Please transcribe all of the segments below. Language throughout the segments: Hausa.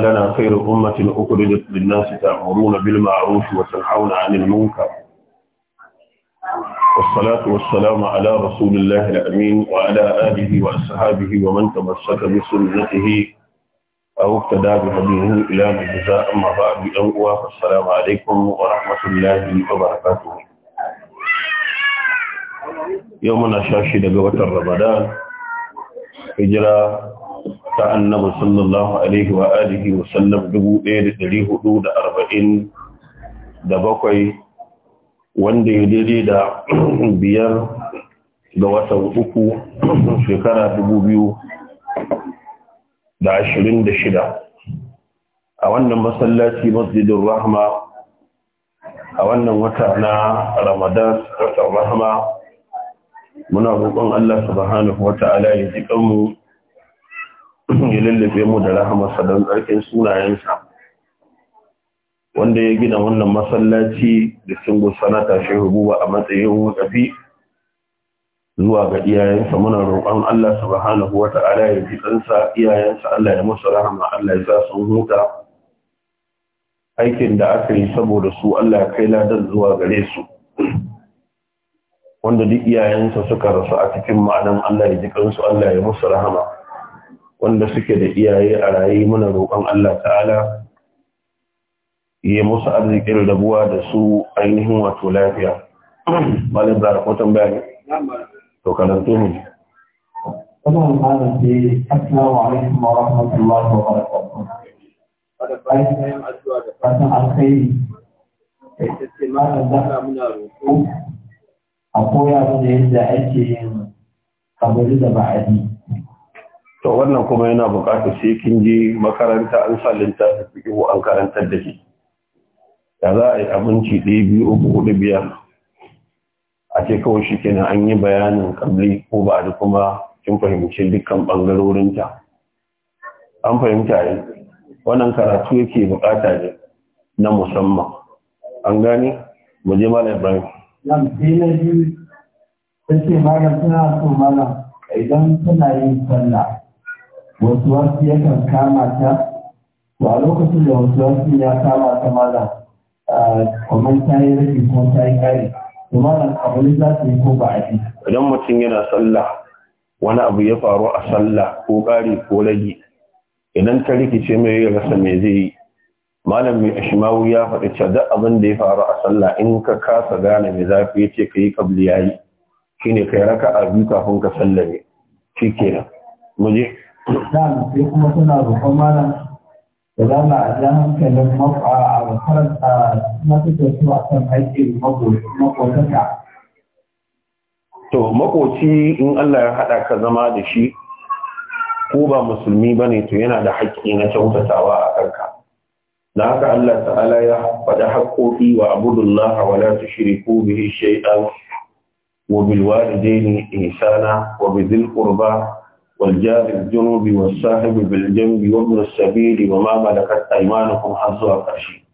لنا خير أمة أخرجت للناس تأمرون بالمعروف وتنحون عن المنكر والصلاة والسلام على رسول الله الأمين وعلى آله وأصحابه ومن تمسك بسنته أو اقتدى بهديه إلى الجزاء أما بعد السلام عليكم ورحمة الله وبركاته يومنا شاشد دقوة رمضان هجرة ta annabi sallallahu alaihi wa alihi wa sallam 1447 wanda ya daidai da biyar ga watan uku shekara da 2026 a wannan masallaci masjidin rahma a wannan wata na ramadan rahma muna roƙon Allah subhanahu wa ta'ala ya ji kanmu ya lullube mu da rahamarsa don tsarkin sunayensa wanda ya gina wannan masallaci da singo sanata shi buba a matsayin wakafi zuwa ga iyayensa muna roƙon Allah subhanahu wa ta'ala ya ji tsansa iyayensa Allah ya musu rahama Allah ya sa sun huta aikin da aka yi saboda su Allah ya kai ladan zuwa gare su wanda duk iyayensa suka rasu a cikin ma'anan Allah ya ji kansu Allah ya musu rahama wanda suke da iyaye a raye muna roƙon Allah ta'ala yi musu arzikin rabuwa da su ainihin wato lafiya. Malin zara ko tambaya ne? To karanto mu. Wannan malam ce Assalamu alaikum wa rahmatullahi wa barakatuh. Bayan addu'a da fatan alkhairi. Ita ce malam zara muna roƙo a koya mana yadda ake yin kabari da ba'adi. to wannan kuma yana buƙatar sai kin je makaranta an sa littafin wa an karantar da shi da za a yi abinci ɗaya biyu uku hudu biyar a ce kawai shi kenan an yi bayanin kabli ko ba da kuma kin fahimci dukkan ɓangarorinta an fahimta ne wannan karatu yake bukata ne na musamman an gane mu je malam ibrahim nan sai na biyu sai malam suna so malam idan suna yin sallah wasu wasu yakan kama ta to a lokacin da wasu wasu ya kama ta a kamar ta yi rabi ko ta yi kare to malam abin za su yi ko ba a ji idan mutum yana sallah wani abu ya faru a sallah ko kare ko rage idan ta rikice mai yi rasa me zai yi malam mai ashimawu ya faɗi cewa duk abin da ya faru a sallah in ka kasa gane mai zafi ya ce ka yi kabli yayi shine raka a biyu kafin ka sallame shi kenan mu je dan sai kuma suna roƙon malam da za mu ajiye hankalin makaranta na suke su a kan aikin makotaka. To, makoci in Allah ya haɗa ka zama da shi, ko ba musulmi ba ne to yana da haƙƙi na kyautatawa a kanka. Da haka Allah ta'ala ya faɗa haƙƙoƙi wa abudullah wa la tushriku bihi shay'an wa bil walidaini ihsana wa bizil qurba والجار الجنوب والصاحب بالجنب وابن السبيل وما ملكت ايمانكم حظها قرشي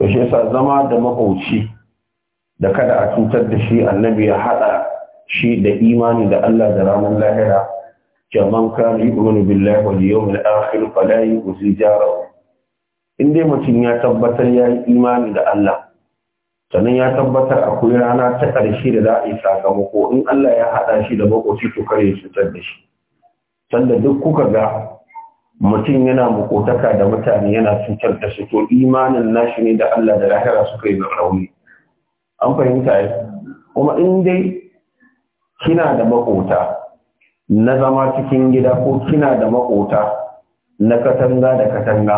to shi yasa zama da makauci da kada a cutar da shi annabi ya hada shi da imani da Allah da ranar lahira jaman kan yu'minu billahi wal yawmil akhir fala yuzi jarahu in dai mutum ya tabbatar ya yi imani da Allah sannan ya tabbatar akwai rana ta ƙarshe da za a yi sakamako in Allah ya haɗa shi da makoci to kare cutar da shi sanda duk kuka ga mutum yana mukotaka da mutane yana cutar da su to imanin nashi ne da Allah da lahira suka yi rauni an fahimta ya kuma in dai kina da makota na zama cikin gida ko kina da makota na katanga da katanga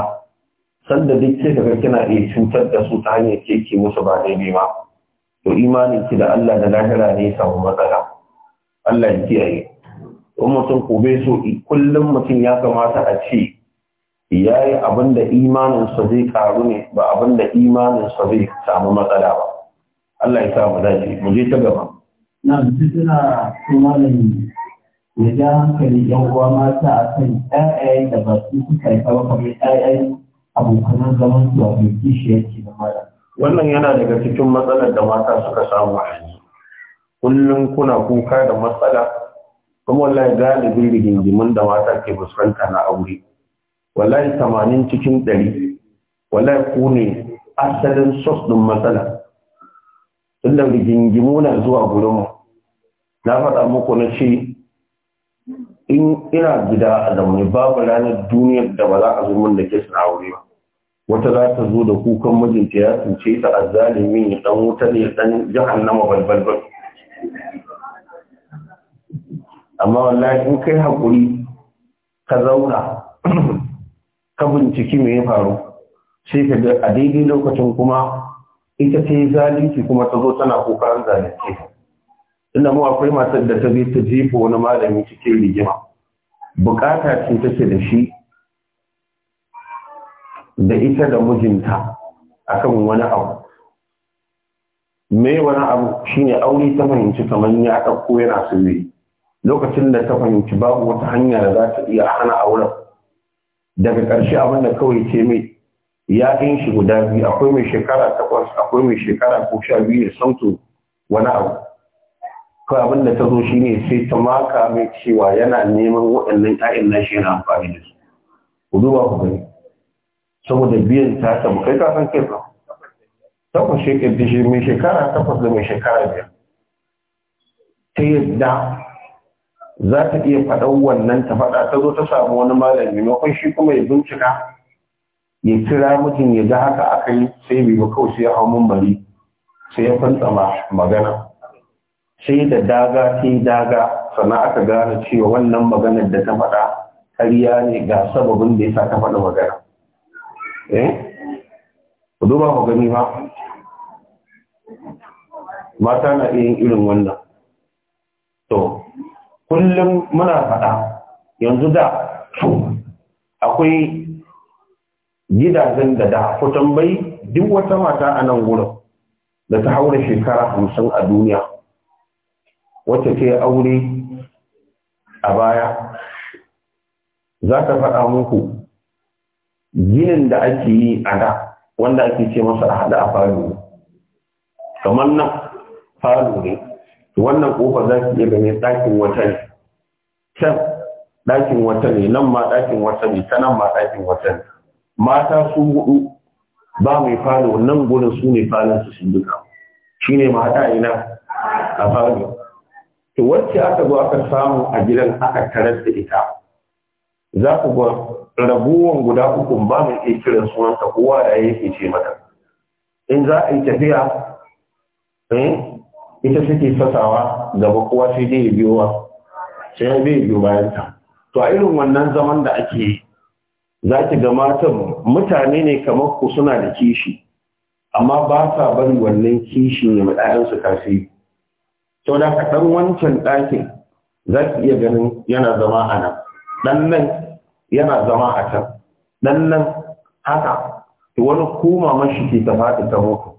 sanda duk ke daga kina iya cutar da su ta hanyar keke musu ba daidai ba to imanin ki da Allah da lahira ne samu matsala Allah ya kiyaye in mutum ko so kullum mutum ya kamata a ce ya yi abin da imaninsa zai karu ne ba abin da imaninsa zai samu matsala ba Allah ya samu dace mu je ta gaba na su suna su malami ya ja hankali yan uwa mata a kan ƴaƴayen da ba su suka yi kawo kamar ƴaƴayen abokanan zaman su a bai yake da mara wannan yana daga cikin matsalar da mata suka samu a yanzu kullum kuna kuka da matsala kuma wallahi galibin rigingimin da mata ke fuskanta na aure wallahi tamanin cikin ɗari wallahi ku ne asalin sos ɗin matsala tunda rigingimu na zuwa gurinmu na faɗa muku na ce in ina gida a zamani babu ranar duniyar da ba za a zumin da ke suna aure ba wata za ta zo da kukan mijinta ya tuce ta zalimin ya dan wuta ne ya jihar jahannama balbalbal amma wallahi in kai haƙuri ka zauna ka binciki me ya faru sai ka ga a daidai lokacin kuma ita ce zalunci kuma ta zo tana kokarin zalunci inda mu akwai matar da ta ta jefa wani malami cikin rigima bukata ce take da shi da ita da mijinta akan wani abu me wani abu shine aure ta fahimci kamar ya ɗauko yana su yi lokacin da ta fahimci babu wata hanya da za ta iya hana auren daga ƙarshe abin da kawai ce mai ya ɗin shi guda biyu akwai mai shekara takwas akwai mai shekara ko sha biyu ya sautu wani abu kawai abin da ta zo shi ne sai ta maka mai cewa yana neman waɗannan ƴaƴan nashi yana amfani da su ku duba ku gani saboda biyan ta ta kai ka san kai ka takwas shekara mai shekara takwas da mai shekara biyar ta yadda za ta iya faɗa wannan ta faɗa ta zo ta samu wani malami maimakon shi kuma ya bincika ya kira mutum ya ga haka aka yi sai bai ba kawai sai ya hau bari sai ya fantsama magana sai da daga sai daga sannan aka gane cewa wannan maganar da ta faɗa ƙarya ne ga sababin da ya sa ta faɗa magana eh ku duba ku gani ba mata na iya irin wannan to kullum muna faɗa yanzu da su akwai gidajen da da ku tambayi duk wata mata a nan wurin da ta haura shekara hamsin a duniya wacce ke aure a baya za ta faɗa muku ginin da ake yi a da wanda ake ce masa a haɗa a falo kamar nan falo ne wannan kofar za ki iya gane ɗakin wata ne can ɗakin wata ne nan ma ɗakin wata ne ta nan ma ɗakin wata ne mata su hudu ba mai falo nan gurin su ne falon su sun duka shi ne mahaɗa ina a falo to wacce aka zo aka samu a gidan aka tarar da ita za ku ga rabuwan guda uku ba mai iya kiran sunanta uwa da yake ce mata in za a yi tafiya eh ita suke fasawa gaba kowa sai dai ya biyo sai ya biyo bayan ta to a irin wannan zaman da ake yi za ki ga matan mutane ne kamar ku suna da kishi amma ba sa bari wannan kishi ne ɗayansu kafi To da dan wancan ɗakin za ki iya ganin yana zama a nan ɗan nan yana zama a can ɗan nan haka wani kuma mashi ke ta ta muku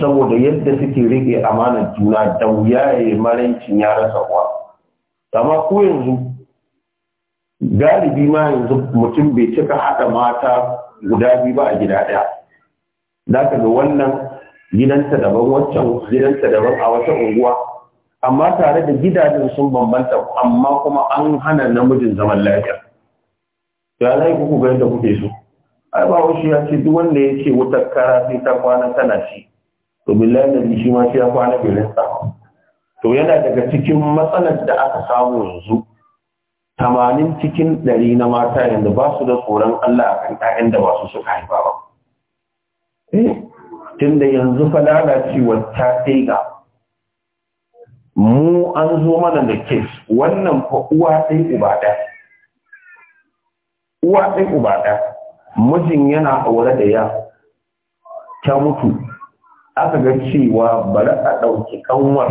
saboda yadda suke rike amanar juna da wuya ya yi marancin ya rasa uwa amma ko yanzu galibi ma yanzu mutum bai cika haɗa mata guda biyu ba a gida ɗaya Da ka ga wannan gidanta daban waccan gidanta daban a wata unguwa amma tare da gidajen sun bambanta amma kuma an hana namijin zaman lafiya ya zai kuku ga yadda kuke so ai ba ya ce duk wanda ya ce wutar kara sai ta kwana tana ci to billahi da shi ma shi ya kwana bai to yana daga cikin matsalar da aka samu yanzu tamanin cikin ɗari na mata yanda ba su da tsoron Allah akan kan da ba su suka haifa ba. Eh, Tun da yanzu fa lalacewa ta tega mu an zo mana da kes wannan fa uwa ɗai uba Uwa ɗai uba ɗaya, mijin yana aure da ya, ta mutu, aka ga cewa bari a ɗauki kanwar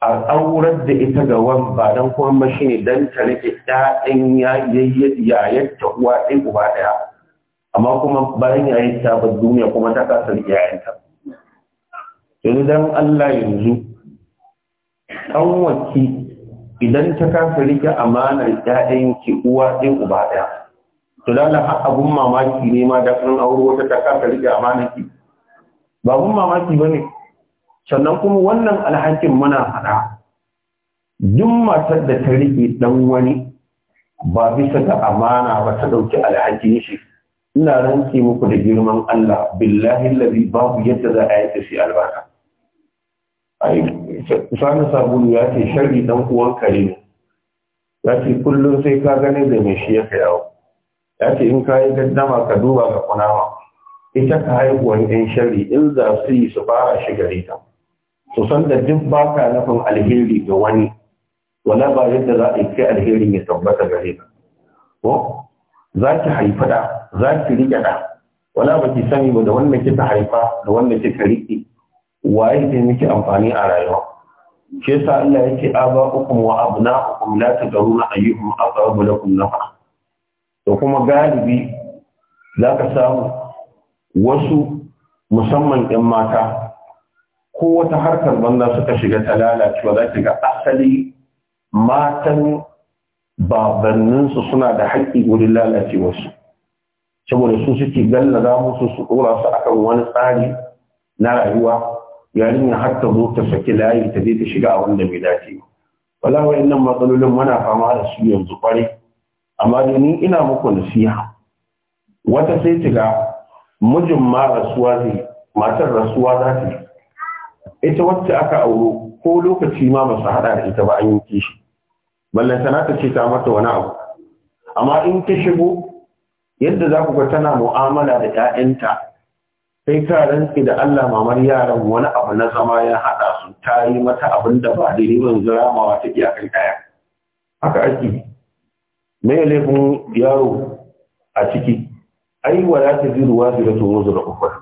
a aurar da ita ga wan ba don kuma shi ne don ta rike ɗaɗin yayyata uwa ɗin uba ɗaya amma kuma bayan yayin ta ba duniya kuma ta kasa ta. yanzu don Allah yanzu ƙanwaki idan ta kasa rike amanar ɗaɗin ki uwa ɗin uba ɗaya to lalla abun mamaki ne ma da kan auro wata ta kasa rike amanar ki ba babun mamaki ba sannan kuma wannan alhakin muna faɗa duk matar da ta riƙe ɗan wani ba bisa ga amana ba ta ɗauki alhakin shi ina ranke muku da girman Allah billahi labi, babu yadda za a yi shi albarka ai sani sabulu ya ce sharri dan uwan kare ne ya ce kullum sai ka gane da me shi ya kai yawo ya ce in ka yi gaddama ka duba ga kunama ita ka haihuwan yan shari in za su yi su fara shiga ta su san da duk ba ka nufin alheri ga wani wala ba yadda za a yi alherin ya tabbata gare ka ko za ki haifi da za ki riƙe da wala ba ki sani ba da wanda ta haifa da wanda ka riƙe waye ke miki amfani a rayuwa shi yasa Allah yake ukum wa ukum la tadruna ayyuhum aqrabu lakum nafa to kuma galibi ka samu wasu musamman 'yan mata ko wata harkar banza suka shiga ta lalacewa za ki ga asali matan babanninsu suna da haƙƙi wurin lalacewarsu saboda su suke gallaza musu su ɗora su akan wani tsari na rayuwa yarinya har ta zo ta saki layi ta je ta shiga a wanda mai dace wala wayannan matsalolin muna fama da su yanzu kware amma da ni ina muku nasiha wata sai ta ga mijin ma rasuwa zai matar rasuwa za ta yi ita wacce aka auro ko lokaci ma ba su haɗa da ita ba an yi kishi ballantana ta ce ta mata wani abu amma in ta shigo yadda za ku ga tana mu'amala da 'ya'yanta sai ka rantsi da Allah mamar yaran wani abu na zama ya haɗa su ta yi mata abin da ba da ribar ziramawa ta iya kai kaya haka ake me laifin yaro a ciki ai wa za ta jiru wa zira to wuzura ukhra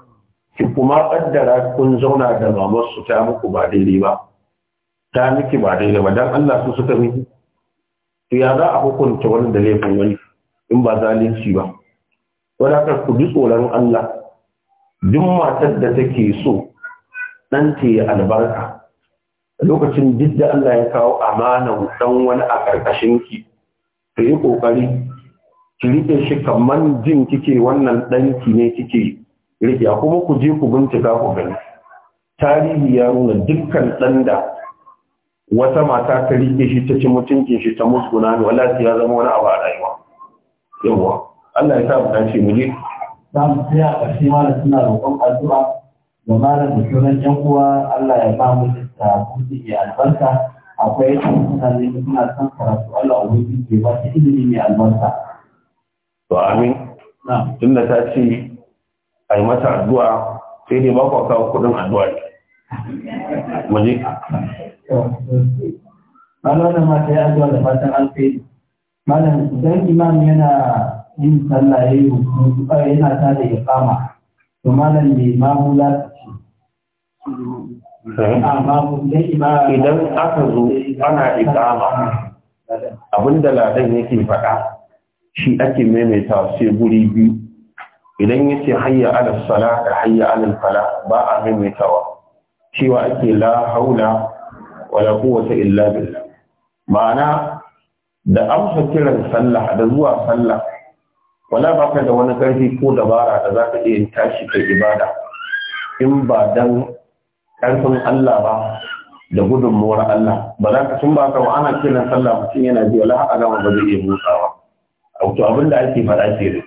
ki kuma kaddara kun zauna da mamar su ta muku ba daidai ba ta miki ba daidai ba dan Allah su suka miki to ya za a hukunta wani da laifin wani in ba zalunci ba wadakar ku ji tsoron Allah duk matar da take so ɗanta ya albarka lokacin duk da Allah ya kawo amanar ɗan wani a ƙarƙashin ki, ta yi ƙoƙari ki rike shi kamar jin kike wannan ɗanki ne kike rike kuma ku je ku bincika ku gani tarihi ya nuna dukkan ɗan da wata mata ta rike shi ta ci mutuncin shi ta musguna ne wala ya zama wani abu a rayuwa yawa Allah ya sa mu dace mu je za mu tsaya a ƙarshe malam suna roƙon addu'a da malam da sauran ƴan uwa Allah ya ba mu da kuɗi ya albarka akwai suna mutane suna son karatu Allah ubangiji ya ba ta ilimi mai albarka to amin tunda ta ce a yi mata addu'a sai dai ba ku kawo kudin addu'a ne waje malam ma ta yi addu'a da fatan alfahari malam idan imam yana yin sallaye, yana ta da ikama to malam ne mamu za su eh? ah, ci idan aka zo ana ikama abinda ladan yake faɗa shi ake maimaita sai guri biyu idan ya ce hayya ala sala da hayya ala fala ba a maimaitawa cewa ake la haula wala quwwata illa billah ma'ana da amsa kiran sallah da zuwa sallah wala ka da wani karfi ko dabara da ka iya tashi kai ibada in ba dan karfin Allah ba da gudunmuwar Allah ba za ka tun ba ana kiran sallah mutum yana jiya. wala a gama ba zai iya motsawa to abin da ake faɗa ke da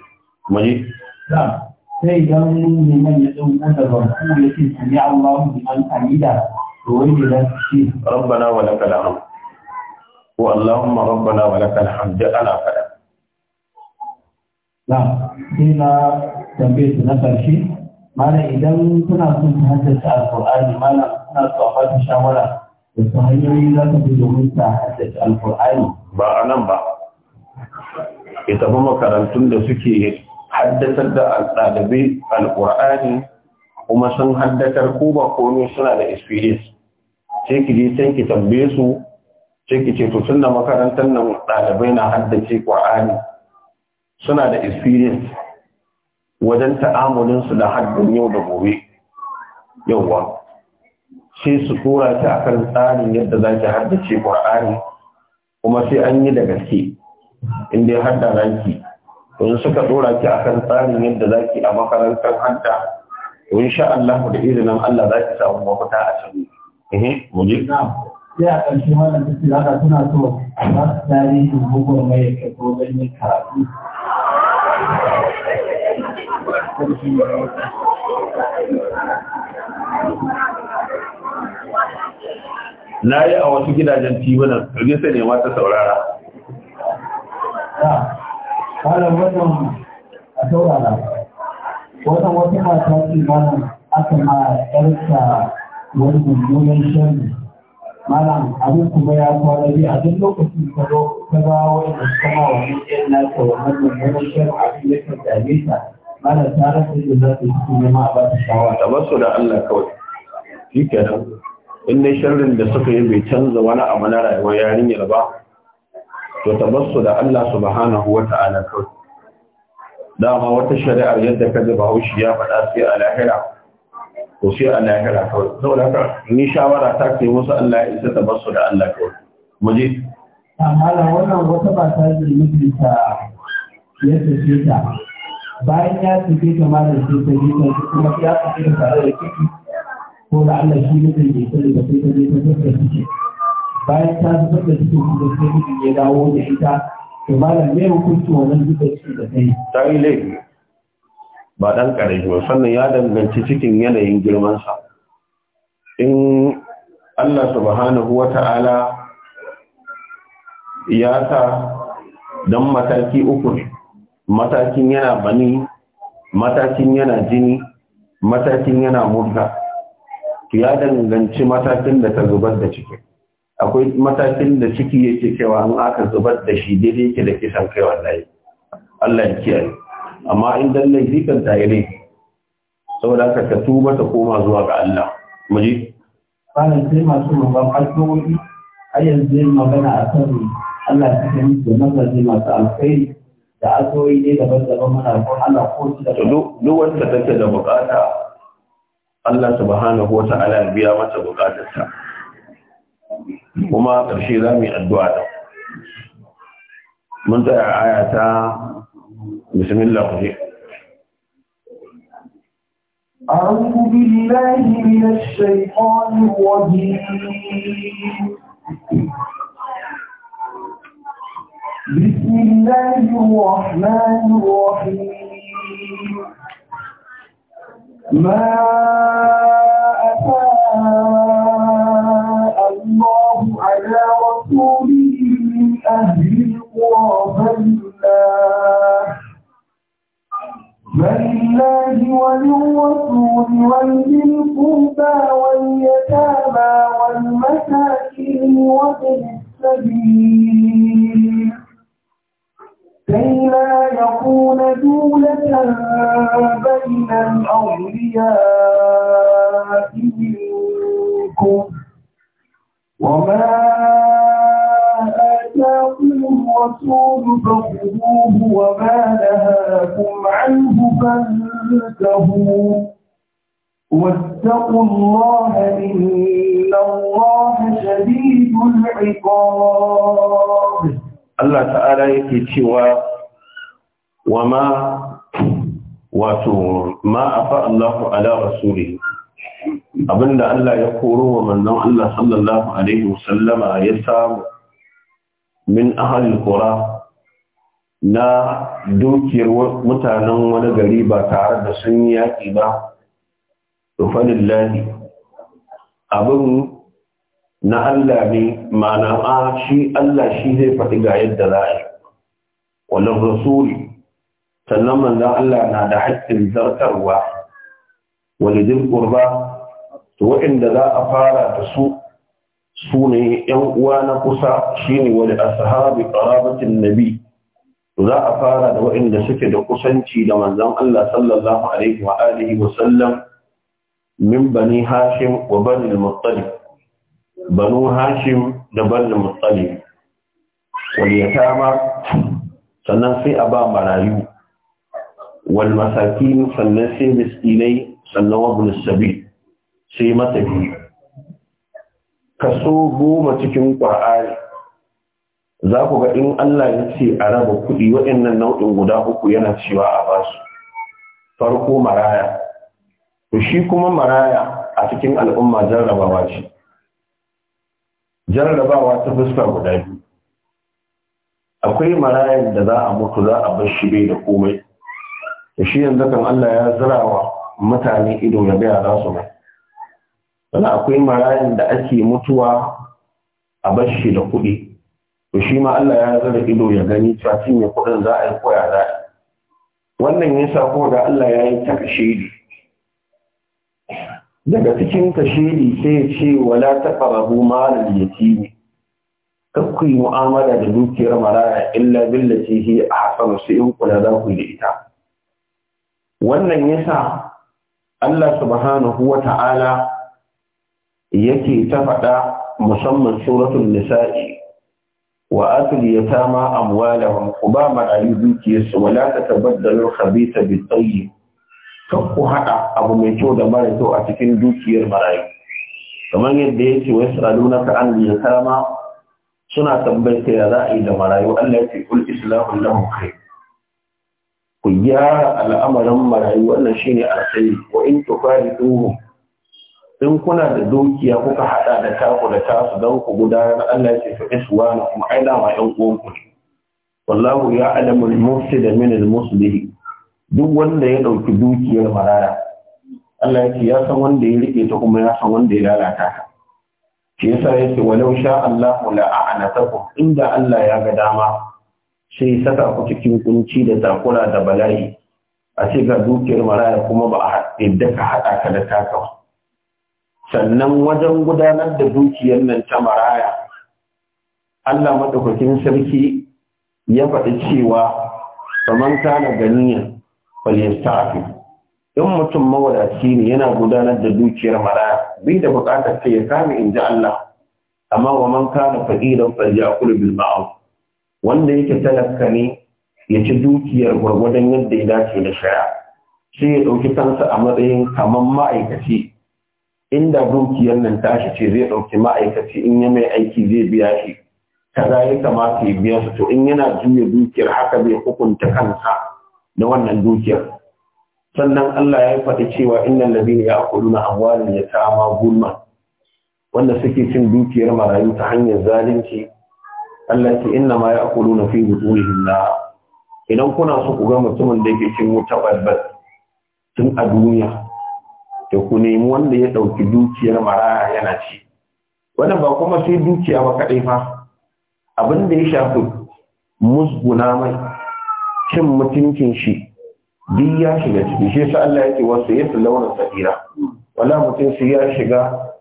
kuma ne na sai idan man ya ɗan ɗauko da wasu, ya ce sami Allahu liman hamida to wai ne za su ce rabbana wa lakal hamd ko Allahumma rabbana wa lakal hamd ana faɗa na sai na tambaye su na ƙarshe mana idan kuna son ta haddace alƙur'ani mana kuna so a fata shawara da su hanyoyi za ka fi domin ta haddace alƙur'ani ba a nan ba ya tafi makarantun da suke haddatar da ɗalibai alƙur'ani kuma sun haddatar ko ba komi suna da experience sai ki je sai ki tambaye su sai ki ce to tun da makarantar nan ɗalibai na haddace ƙur'ani suna da experience wajen ta'amulinsu da haddun yau da gobe yauwa sai su tura ta akan tsarin yadda za ki haddace ƙur'ani kuma sai an yi da gaske in dai hadda zaki to suka dora ki akan tsarin yadda zaki a makarantar hadda to insha Allah da izinin Allah zaki samu mafita a can eh mu na ya shi wannan cikin haka suna so ba su tarihin bugun mai ka ko ganin karatu na yi a wasu gidajen tibunan rage ne nema ta saurara malam wannan a saurara wata wata mata ce malam aka ma yarsa wani mummunan shan malam abin kuma ya kwana biyu a duk lokacin ta zo ta ga wanda suka ma wani yan nasa wannan mummunan shan abin ya kan dame ta malam ta rasa za ta yi nema a ba ta shawara. da da Allah kawai shi kenan in dai sharrin da suka yi bai canza wani abu na rayuwar yarinyar ba to tabassu da Allah subhanahu wa ta'ala kawai dama wata shari'ar yadda ka ba haushi ya faɗa sai a lahira to sai a lahira kawai saboda haka ni shawara ta ce musu Allah ya isa tabassu da Allah kawai mu je amma wannan wata ba ta da mutunta ya tafi ta bayan ya tafi ta malam da sai ta yi ta kuma ya tafi ta tare da kiki ko da Allah shi ne da ke da sai ta je ta tafi bayan ta zubar da cikin kuma sai mijin ya dawo da ita to da mai hukunci wannan zubar ciki da kai ta yi laifi ba dan karami ba sannan ya danganci cikin yanayin girmansa in Allah subhanahu wa ta'ala ya sa don mataki uku ne matakin yana bani matakin yana jini matakin yana murga ya danganci matakin da ta zubar da cikin akwai matakin da ciki yake cewa an aka zubar da shi daidai yake da kisan kai wallahi Allah ya kiyaye amma in dan ta kan ne. saboda haka ka tuba ta koma zuwa ga Allah muji bayan sai masu rubar alƙawari a yanzu magana a kan Allah ya kiyaye da mazaje masu alkhairi da addu'o'i ne daban-daban muna ko Allah ko shi da duk wanda take da bukata Allah subhanahu wa ta'ala ya biya mata bukatarsa kuma ƙarshe za mu yi addu'a da mun tsaya aya bismillah أعوذ بالله من الشيطان الرجيم بسم الله الرحمن الرحيم ما أتى رسوله من أهل القرى فلله وللرسول ولذي القربى واليتامى والمساكين وابن السبيل كي لا يكون دولة بين الأولياء منكم وما الرسول فخذوه وما نهاكم عنه فانتهوا واتقوا الله إن الله شديد العقاب الله تعالى يكي وما wato ma afa Allahu ala rasuli abinda Allah ya koro wa manzon Allah sallallahu alaihi wasallama ya samu min ahalin kura na dukiyar mutanen wani gari ba tare da sun yi yaƙi ba tufanin lahi abin na Allah ne mana a shi Allah shi zai faɗi ga yadda za a yi walin sannan manzan Allah na da haƙƙin zartarwa walidin ƙurba to waɗanda za a fara da su su ne ‘yan uwa na kusa shi ne wani ashabi ƙarabatin nabi za a fara da waɗanda suke da kusanci da manzon Allah sallallahu alaihi wa alihi wa sallam min bani hashim wa bani al banu hashim da bani al-muttalib wal yatama sannan sai a ba marayu wal masakin sannan sai miskinai sannan wa ibn sabi sai matafi kaso goma cikin ƙwa'ari za ku ga in Allah ya ce a raba kuɗi waɗannan nau'in guda uku yana cewa a basu farko maraya to shi kuma maraya a cikin al'umma jarrabawa ce jarrabawa ta fuska guda biyu akwai maraya da za a mutu za a bar shi bai da komai to shi yanzu kan Allah ya wa mutane ido ya gaya za su mai sannan akwai marayan da ake mutuwa a bashi da kuɗi to shi ma Allah ya zara ido ya gani cewa ya kuɗin za a yi koya za a wannan ya sa kuma ga Allah ya yi ta kashedi daga cikin kashedi sai ya ce wala taqrabu malal yatim kakku mu'amala da dukiyar maraya illa billati a ahsanu sai in kula za ku da ita wannan ya sa Allah subhanahu wa ta'ala yake ta faɗa musamman suratul nisa'i wa atul yatama amwalahum ku ba marayu dukiyarsu wala ta tabaddalu khabitha bit tayyib kan ku haɗa abu mai kyau da mara kyau a cikin dukiyar marayu kamar yadda yake wai saluna ka an yatama suna tambayar ya za a yi da marayu Allah ya ce kul islahu lahum khair ku gyara al'amarin marayu wannan shine alkhairi wa in tufariduhum in kuna da dukiya kuka hada da taku da tasu don ku gudanar Allah ya ce fa iswana kuma ai da ma yan uwanku. ku wallahu ya alamul mufsida min al muslih duk wanda ya dauki dukiyar maraya Allah ya ce ya san wanda ya rike ta kuma ya san wanda ya lalata ta shi yasa ce walau sha Allah la a'anatakum inda Allah ya ga dama sai saka ku cikin kunci da takura da bala'i a ce dukiyar maraya kuma ba a yadda ka hada ka da taka sannan wajen gudanar da dukiyar nan ta maraya Allah madaukakin sarki ya faɗi cewa faman kana ganiyan falyastafi in mutum mawadaci ne yana gudanar da dukiyar maraya bai da buƙatar sai ya kame in ji Allah amma wa man kana faqiran falyakul bil ma'ruf wanda yake talaka ne ya ci dukiyar gwargwadon yadda ya dace da shaya, sai ya ɗauki kansa a matsayin kamar ma'aikaci inda dukiyar nan tashi ce zai dauki ma'aikaci in ya mai aiki zai biya shi kaza ya kamata ya biya su to in yana juya dukiyar haka zai hukunta kansa da wannan dukiyar sannan Allah ya faɗi cewa ya innal ladina ya'kuluna ta yatama gulma wanda suke cin dukiyar marayu ta hanyar zalunci Allah ce inna ma ya'kuluna fi butunihim na idan kuna so ku ga mutumin da yake cin wuta balbal tun a duniya da ku nemi wanda ya ɗauki dukiyar maraya yana ci wannan ba kuma sai dukiya ba kaɗai fa abin da ya shafi musguna mai cin mutuncin shi duk ya shiga ciki shi sa Allah yake wasu ya su launa sa'ira wala mutum sai ya shiga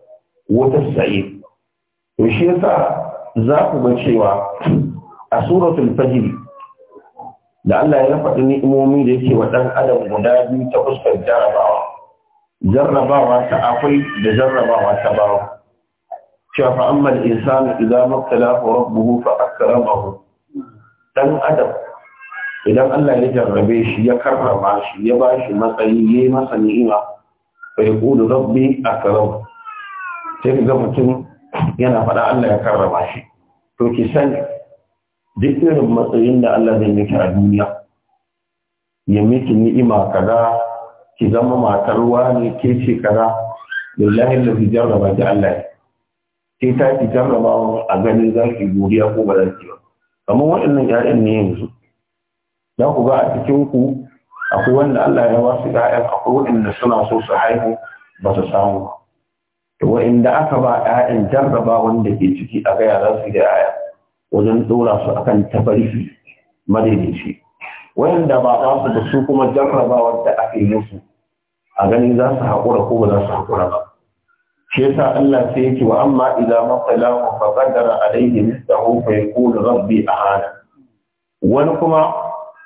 wata sa'i. to shi yasa za ku ga cewa a suratul fajiri da Allah ya faɗi ni'imomi da yake wa ɗan adam guda biyu ta fuskar jarabawa jarrabawa ta akwai da jarrabawa ta bawa cewa fa amma al idan idza fa rabbuhu fa akramahu dan adam idan Allah ya jarrabe shi ya karrama shi ya ba shi matsayi ya yi masa ni'ima bai yaqulu rabbi a sai ga mutum yana faɗa Allah ya karrama shi to ki sani duk irin matsayin da Allah zai miki a duniya ya miki ni'ima kaza ki zama matar wani ke shekara. kaza da lafi jarraba da Allah ya. ke ta ki jarraba a ganin za ki godiya ko ba za ki ba kamar waɗannan ƴaƴan ne yanzu za ku ga a cikin ku akwai wanda Allah ya ba su ƴaƴan akwai waɗanda suna so su haihu ba su samu ba To waɗanda aka ba ‘ya'yan jarraba wanda ke ciki a gaya za su da ‘ya'ya wajen ɗora su akan tabarfi madaidaici wanda ba za su da su kuma jarrabawar da aka yi musu a gani za su haƙura ko ba za su haƙura ba shi yasa Allah sai yake wa amma ma masalahu fa qadara alayhi mistahu fa yaqulu rabbi ahana wani kuma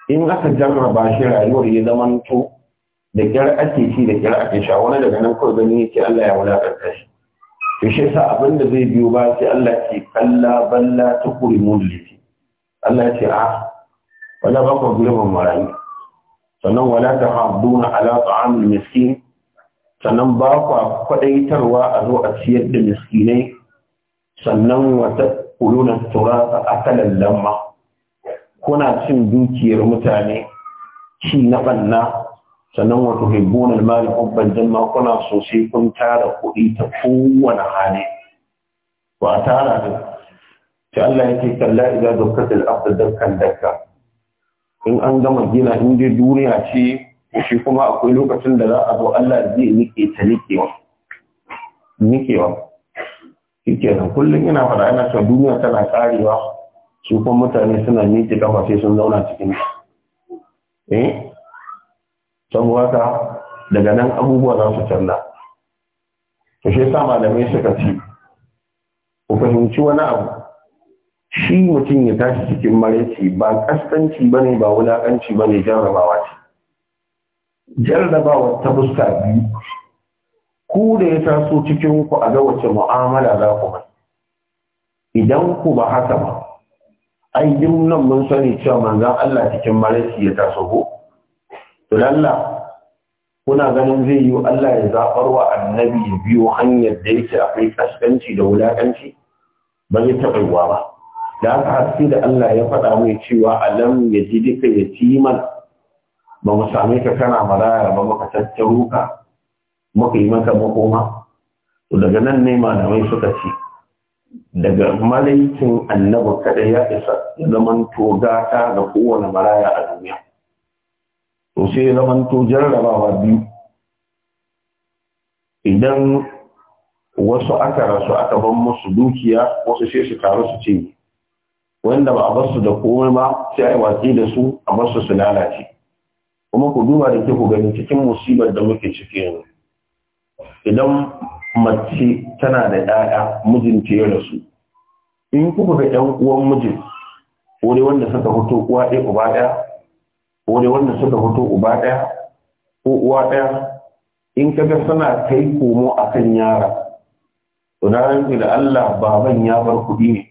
in aka jarraba shi rayuwar ya zama to da kyar ake ci da kyar ake sha wani daga nan kawai gani yake Allah ya wulakanta shi to shi yasa abin da zai biyo ba sai Allah ce kalla balla tukrimul Allah ya ce a ah, wala ba ku girman marayu sannan wala ta haɗuna ala ta'amul miskin sannan ba ku kwaɗaitarwa a zo a ciyar da miskinai sannan wata kuluna turasa akalan lamma kuna cin dukiyar mutane ci na banna sannan wato hibbun almali hubban jamma kuna so sai kun tara kuɗi ta kowane hali ba tara ne ta Allah yake kalla idan dukkatul afdal dakkan dakka in an gama gina in dai duniya ce shi kuma akwai lokacin da za a zo Allah zai nike ta nikewa nikewa nan kullum ina fara ina cewa duniya tana karewa shi kuma mutane suna miƙe kafa sai sun zauna cikin eh saboda ka daga nan abubuwa za su canza to shi yasa malamai suka ci ku fahimci wani abu shi mutum ya tashi cikin maraici ba kaskanci ba ne ba wulaƙanci ba ne jarrabawa ce jarrabawa ta fuska biyu ku da ya taso cikin ku a ga wace mu'amala za ku mai idan ku ba haka ba ai nan mun sani cewa manzan Allah cikin maraici ya taso ko to kuna ganin zai yi Allah ya zaɓar wa annabi biyu hanyar da yake akwai kaskanci da wulaƙanci ba zai taɓa ba da aka haske da Allah ya faɗa mai cewa alam ya ji duka ya ci man ba mu same ka kana maraya ba maka tattaro ka muka yi maka makoma to daga nan ne malamai suka ci? daga malaikin annabi kada ya isa zaman to gata ga kowane maraya a duniya to sai zaman to jarrabawa biyu idan wasu aka rasu aka ban musu dukiya wasu sai su taru su ce wanda ba a basu da komai ba sai a yi watsi da su a basu su lalace kuma ku duba da ke ku gani cikin musibar da muke ciki yanzu idan mace tana da 'ya'ya mijinta ya rasu in kuka ga 'yan uwan mijin ko dai wanda suka fito uwa ɗaya uba ɗaya ko dai wanda suka fito uba ɗaya ko uwa ɗaya in ka ga suna kai komo akan yara to na da Allah baban ya bar kuɗi ne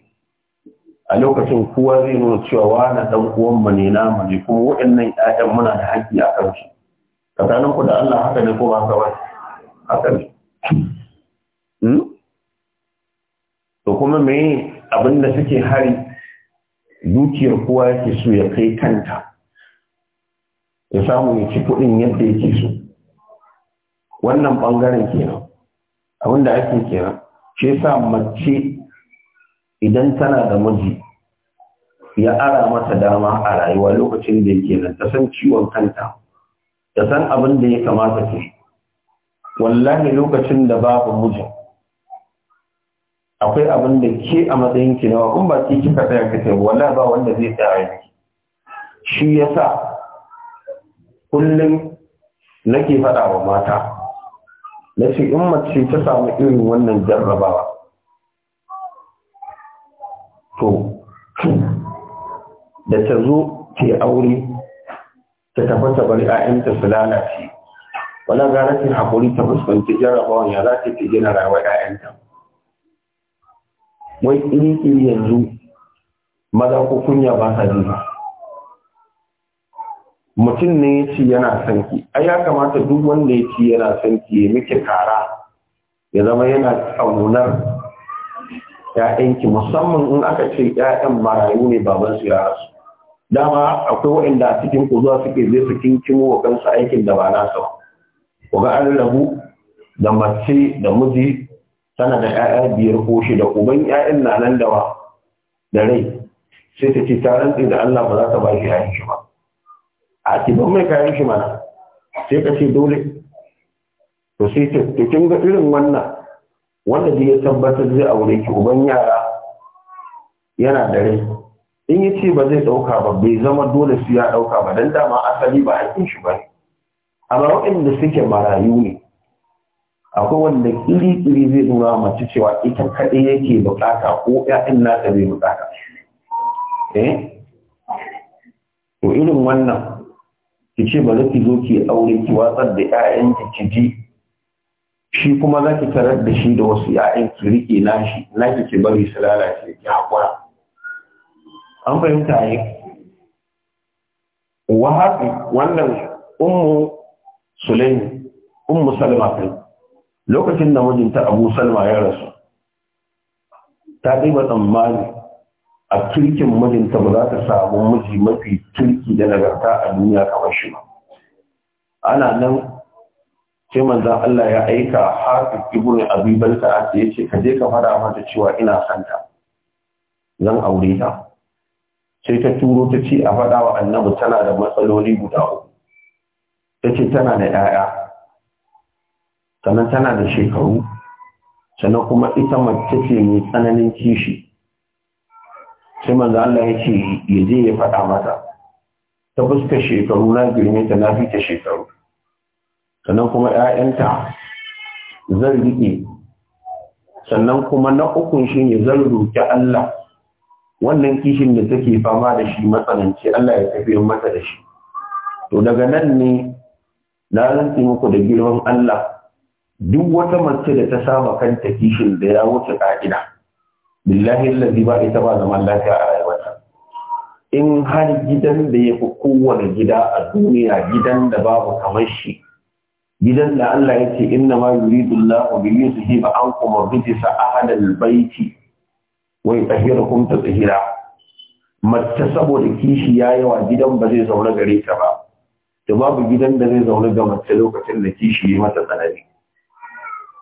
a lokacin kowa zai nuna cewa wani dan uwan mu na mani ne kuma wa'annan ƴaƴan muna da haƙƙi a kan shi tsakanin ku da Allah haka ne ko ba haka ba haka ne hmm? to kuma me abin da suke hari dukiyar kowa yake so ya kai kanta ya samu ya ci kuɗin yadda yake so wannan ɓangaren kenan abin da ake kenan shi sa mace idan tana da miji ya ara mata dama a rayuwa lokacin da yake nan ta san ciwon kanta ta san abin da ya kamata ke wallahi lokacin da babu miji akwai abin da ke a matsayin ki nawa kun ba ki kika tsaya ka ce wallahi ba wanda zai tsaya yanki shi yasa kullum nake faɗa wa mata na ce in mace ta samu irin wannan jarrabawa to da ta zo ke aure ta tabbata bari 'ya'yanta su lalace wala gara ta haƙuri ta fuskanci jarabawan ya za ta fi gina rayuwar 'ya'yanta. wai iri-iri yanzu maza ko kunya ba sa jina mutum ne ya ci yana sanki. ai ya kamata duk wanda ya ci yana sanki ya mike kara ya zama yana tsaunar ‘ya'yanki musamman in aka ce ‘ya'yan marayu ne baban su ya rasu. Dama akwai waɗanda a cikin ku zuwa suke zai su kinkimo wa kansu aikin da ba na ba. Ku ga an rabu da mace da miji tana da ‘ya'ya biyar ko shida uban ‘ya'yan na nan da wa da rai sai ta ce ta rantsi da Allah ba za ta ba shi ya'yan shi ba. A ce mai kayan shi mana sai ka ce dole. To sai ta kin ga irin wannan wanda ya tabbatar zai aure ki uban yara yana da rai in ya ce ba zai ɗauka ba bai zama dole su ya ɗauka ba don dama asali ba haƙin shi ba amma waɗanda suke marayu ne akwai wanda ƙiri-ƙiri zai nuna mace cewa ita kaɗai yake buƙata ko ‘ya'yan nata bai buƙata eh to irin wannan ki ce ba zai zo ki aure ki watsar da ‘ya'yan ki ji shi kuma za ki tarar da shi da wasu ‘ya'yan ki riƙe na shi, na ki bari su lalace ki haƙura. An fahimta yi. haɗi, wannan Ummu Sulaimi, Ummu Salma kai, lokacin da mijinta Abu Salma ya rasu, ta ɗiba tsammani a kirkin mijinta ba za ta samu miji mafi kirki da nagarta a duniya kamar shi ba. Ana nan sai manzan Allah ya aika hafiz ibn abubuwan balta ya ce ka je ka fara mata cewa ina santa zan aure ta sai ta turo ta ce a faɗawa wa annabu tana da matsaloli guda uku ta ce tana da 'ya'ya sannan tana da shekaru sannan kuma ita mace ce mai tsananin kishi sai maza Allah ya ce ya je ya faɗa mata ta fuska shekaru na girme ta na fita shekaru sannan kuma ‘ya'yanta zan riƙe sannan kuma na ukun shi ne zan roƙi Allah wannan kishin da take fama da shi matsananci Allah ya tafi yin mata da shi to daga nan ne na zanti muku da girman Allah duk wata mace da ta saba kanta kishin da ya wuce ka'ida billahi lalzi ba ita ba zaman lafiya a rayuwarta in har gidan da ya fi kowane gida a duniya gidan da babu kamar shi gidan da Allah ya ce inna ma yuridullahu bi yuzhiba ankum rijsa ahad albayti wa yutahhirukum tatheera mace saboda kishi ya yawa gidan ba zai zauna gare ta ba da babu gidan da zai zauna ga mace lokacin da kishi ya mata tsanani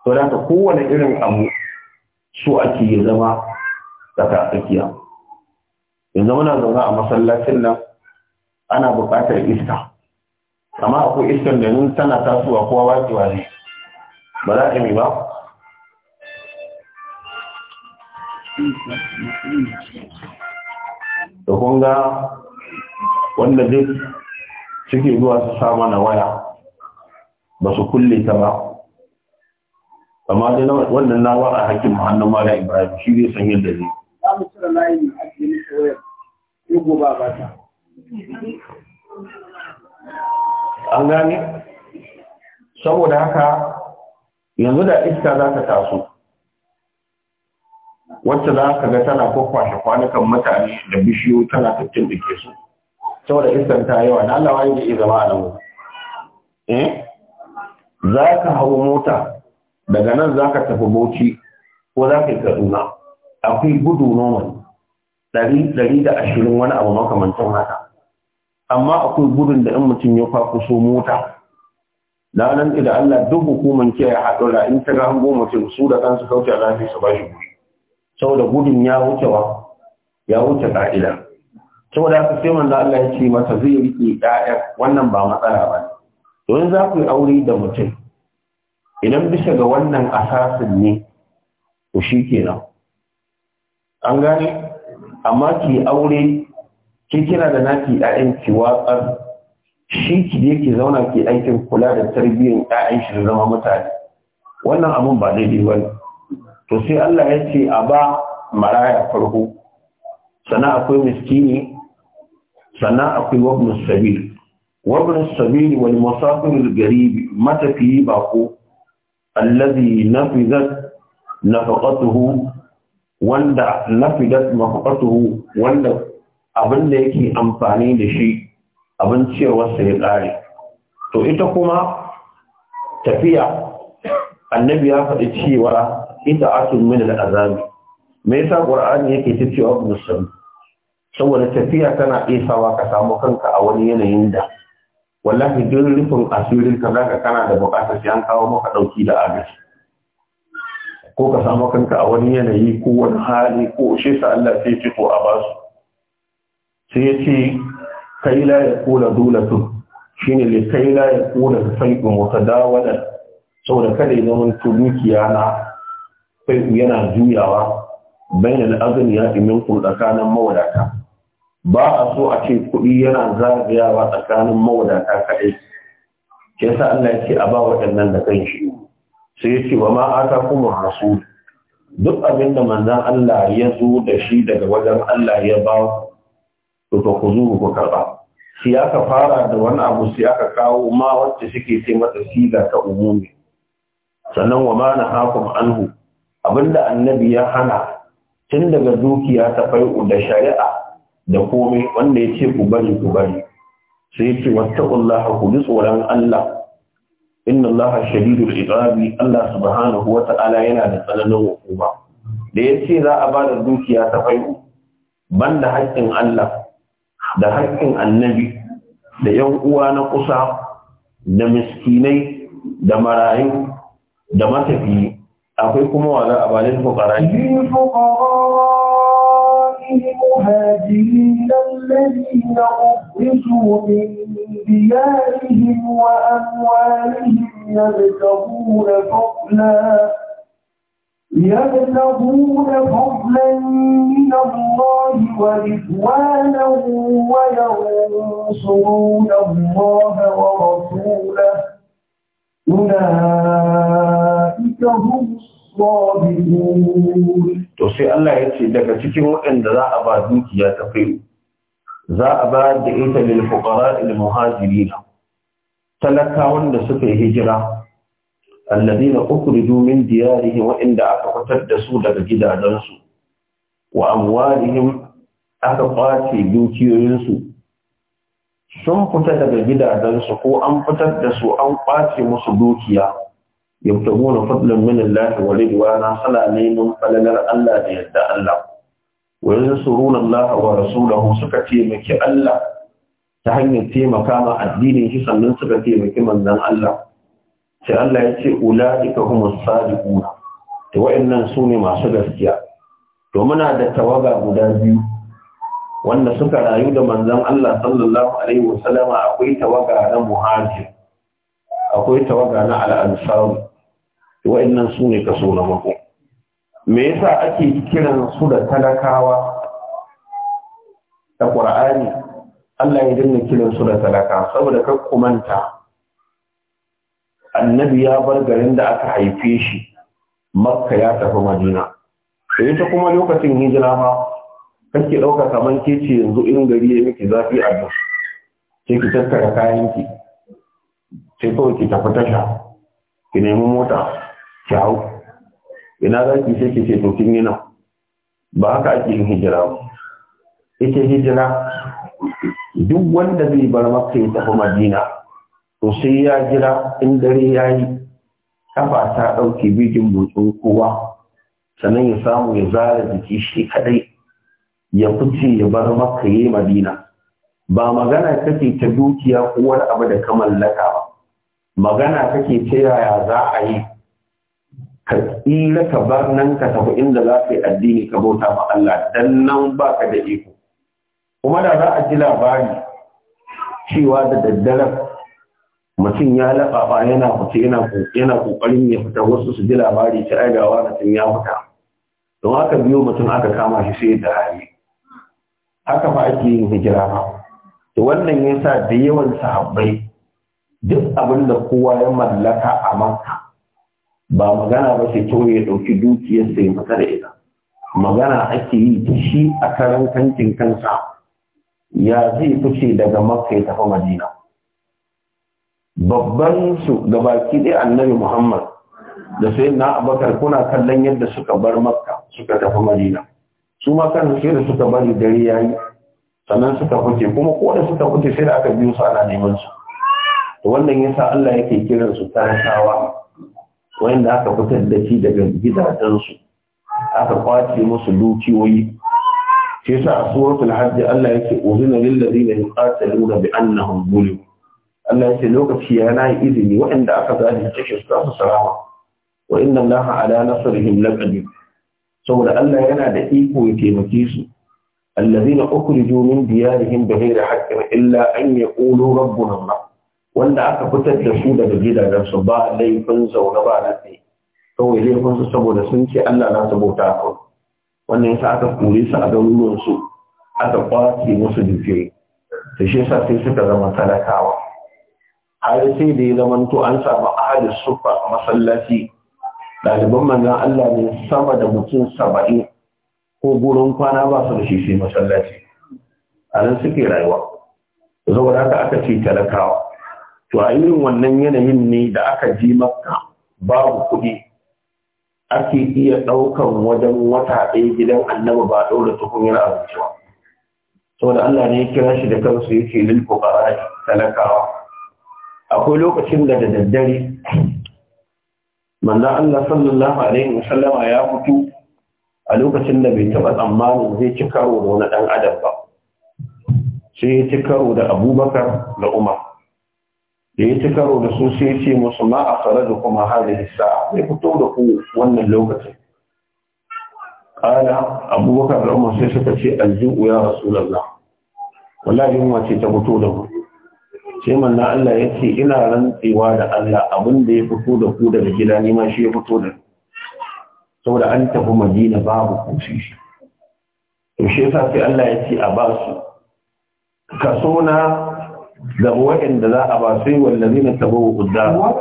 to da ka kowane irin abu so ake ya zama tsaka tsakiya yanzu muna zauna a masallacin nan ana buƙatar iska amma akwai iskan da nun tana tasowa kowa watsewa ne ba za ta mai ba da kunga wanda zai cike zuwa su sama na waya ba su kulle ta ba amma dai wannan na ba a hakkin hannun mara ibrahim shi zai san yadda zai za mu cire layin ba ba ta an gane saboda haka yanzu da iska za ta taso wacce za ka ga tana kwakwashe kwanukan mutane da bishiyu tana tattun dake su saboda iskan ta yawa na allawa yin iya zama a nan eh za ka hau mota daga nan za ka tafi bauchi ko za ka yi kaduna akwai gudu normal 120 da ashirin wani abu makamantan haka amma akwai gudun da in mutum ya so mota na nan idan Allah duk hukuman kiyaye da, in ta ga hango mutum su da kansu kauce a lafi su ba shi guri saboda gudun ya wa ya wuce ka'ida saboda haka sai manzo Allah ya ce masa zai rike ɗaya wannan ba matsala ba ne. in za ku yi aure da mutum idan bisa ga wannan asasin ne ku shi kenan an gane amma ki aure ke kira da naki ƴaƴan ki watsar shi ki je ki zauna ke aikin kula da tarbiyyar ƴaƴan shi zama mutane wannan abun ba daidai ba to sai Allah ya ce a ba maraya farko sannan akwai miskini sannan akwai wabin sabil wabin sabil wani musafir al garib matafi bako alladhi nafidat nafaqatuhu wanda nafidat tuhu wanda abin da yake amfani da shi abin ciyarwarsa ya ƙare to ita kuma tafiya annabi ya faɗi cewa ita atun min azami. me yasa qur'ani yake ta cewa musulmi saboda tafiya tana iya ka samu kanka a wani yanayin da wallahi duk rufin asirin ka zaka kana da buƙatar sai an kawo maka ɗauki da agaji ko ka samu kanka a wani yanayi ko wani hali ko shi sa Allah sai ya ce to a basu sai ya ce kai la ya kula dulatun shi ne le kai la ya kula da faifin wata dawada da kada ya zama dukiya na faifin yana juyawa bayan al'azin ya imin ku tsakanin mawadata ba a so a ce kuɗi yana zagayawa tsakanin mawadata kaɗai ke sa Allah ya ce a ba waɗannan da kan shi sai ya ce wa ma aka kuma rasu duk abin da manzan Allah ya zo da shi daga wajen Allah ya ba to to ku zo ku karɓa shi aka fara da wani abu sai aka kawo ma wacce suke ce mata siga ta umumi sannan wa mana hakum anhu abinda annabi ya hana tun daga dukiya ta fai'u da shari'a da komai wanda ya ce ku bari ku bari sai ce wattaqullaha ku ji tsoron Allah inna Allah shadidul iqabi Allah subhanahu wa ta'ala yana da tsananin hukuma da yace za a ba da dukiya ta fai'u banda haƙƙin Allah da haƙƙin annabi da ‘yan uwa na kusa da miskinai da marayu da matafiyi akwai kuma wa za a balin fukara المهاجرين الذين يبتغون فضلا من الله ورضوانه وينصرون الله ورسوله أولئك هم To sai Allah ya ce daga cikin waɗanda za a ba dukiya ta kai za a ba da ita lil fuqara muhajirin talakawan da suka yi hijira alladina ukhriju min diyari wa inda aka fitar da su daga gidajensu wa aka kwace sun fita daga gidajensu ko an fitar da su an kwace musu dukiya yabtaguna fadlan min Allah wa ridwana sala neman falalar Allah da yadda Allah wa yansuruna Allah wa rasulahu suka taimaki Allah ta hanyar taimaka ma addinin shi sannan suka taimaki manzon Allah sai Allah ya ce ula'ika humus sadiquna to wayannan su ne masu gaskiya to muna da tawaga guda biyu wanda suka rayu da manzon Allah sallallahu alaihi wasallama akwai tawaga na muhajir akwai tawaga na al-ansar wayannan su ne kaso na mako me yasa ake kiran su da talakawa ta Qur'ani Allah ya dinga kiran su da talaka saboda kar ku manta annabi ya bar garin da aka haife shi makka ya tafi madina sai ta kuma lokacin hijira ma kake ɗauka kaman ke ce yanzu in gari ya miki zafi a nan sai ki tattara kayanki sai ko ki tafi tasha ki nemi mota ki hau ina za ki sai ki ce to kin yi nan ba haka ake yin hijira ba ita hijira duk wanda zai bar makka ya tafi madina to sai ya jira in dare ya yi kafa ta ɗauke bijin motsin kowa sannan ya samu ya zara jiki shi kadai ya fice ya bar maka yi madina ba magana kake ta dukiya ko wani abu da ka mallaka ba magana kake ta yaya za a yi ka tsira ka bar nan ka tafi inda za ka yi addini ka bauta ma Allah dan nan ba ka da iko kuma da za a ji labari cewa da daddare mutum ya ba yana fita yana ƙoƙarin ya fita wasu su ji labari ta aigawa da tun ya fita don haka biyo mutum aka kama shi sai da hali haka ba ake yin hijira ba to wannan ya sa da yawan sahabbai duk abin da kowa ya mallaka a makka ba magana ba sai kawai ya ɗauki dukiyar sai mata da ita magana ake yi ta shi a karan kankin kansa ya zai fice daga maka ya tafi madina babban su baki ɗaya annabi Muhammad da sai na abakar kuna kallon yadda suka bar makka suka tafi madina su ma kan sai da suka bari dare yayi sannan suka fice kuma ko da suka fice sai da aka biyo su ana neman su to wannan yasa Allah yake kiran su tarashawa wanda aka fitar da shi daga gidajen su aka kwace musu dukiyoyi sai sa a suratul hajj Allah yake uzina lil ladina yuqataluna bi annahum zulimu Allah ya ce lokaci ya na izini waɗanda aka zalunce shi su su salama wa inna Allah ala nasrihim laqadir saboda Allah yana da iko ya taimake su allazina ukhriju min diyarihim bighayri haqqin illa an yaqulu rabbuna Allah wanda aka fitar da su daga gidajen su ba laifin zaune ba na tsaye kawai laifin su saboda sun ce Allah na sabota kawai wannan yasa aka kore su a garuruwan su aka kwace musu dukiyoyi to shi yasa sai suka zama talakawa har sai da ya zamanto an samu ahadin sufa a masallaci ɗaliban manzan Allah ne sama da mutum saba'in ko gurin kwana ba su da shi sai masallaci a nan suke rayuwa zuwa da aka ce talakawa to a irin wannan yanayin ne da aka ji maka babu kuɗi ake iya ɗaukan wajen wata ɗaya gidan annabi ba ɗaura tukun yana abinci ba saboda Allah ne ya kira shi da kansu yake lil fuqara talakawa akwai lokacin da da daddare manzan Allah sallallahu alaihi wasallama ya fito a lokacin da bai taɓa tsammanin zai ci karo da wani ɗan adam ba sai ya ci karo da abubakar da umar da ya ci karo da su sai ce musu ma a fara da kuma hada sa'a Zai fito da ku wannan lokacin ƙala abubakar da umar sai suka ce aljihu ya rasulallah wallahi yunwa ce ta fito da mu sai manna Allah ya ce ina rantsewa da Allah abun da ya fito da ku daga gida nima ma shi ya fito da saboda an tafi madina babu kusi shi to shi yasa sai Allah ya ce a ba su kaso na da waɗanda za a ba sai wallazi na wallazi na tabo udda wa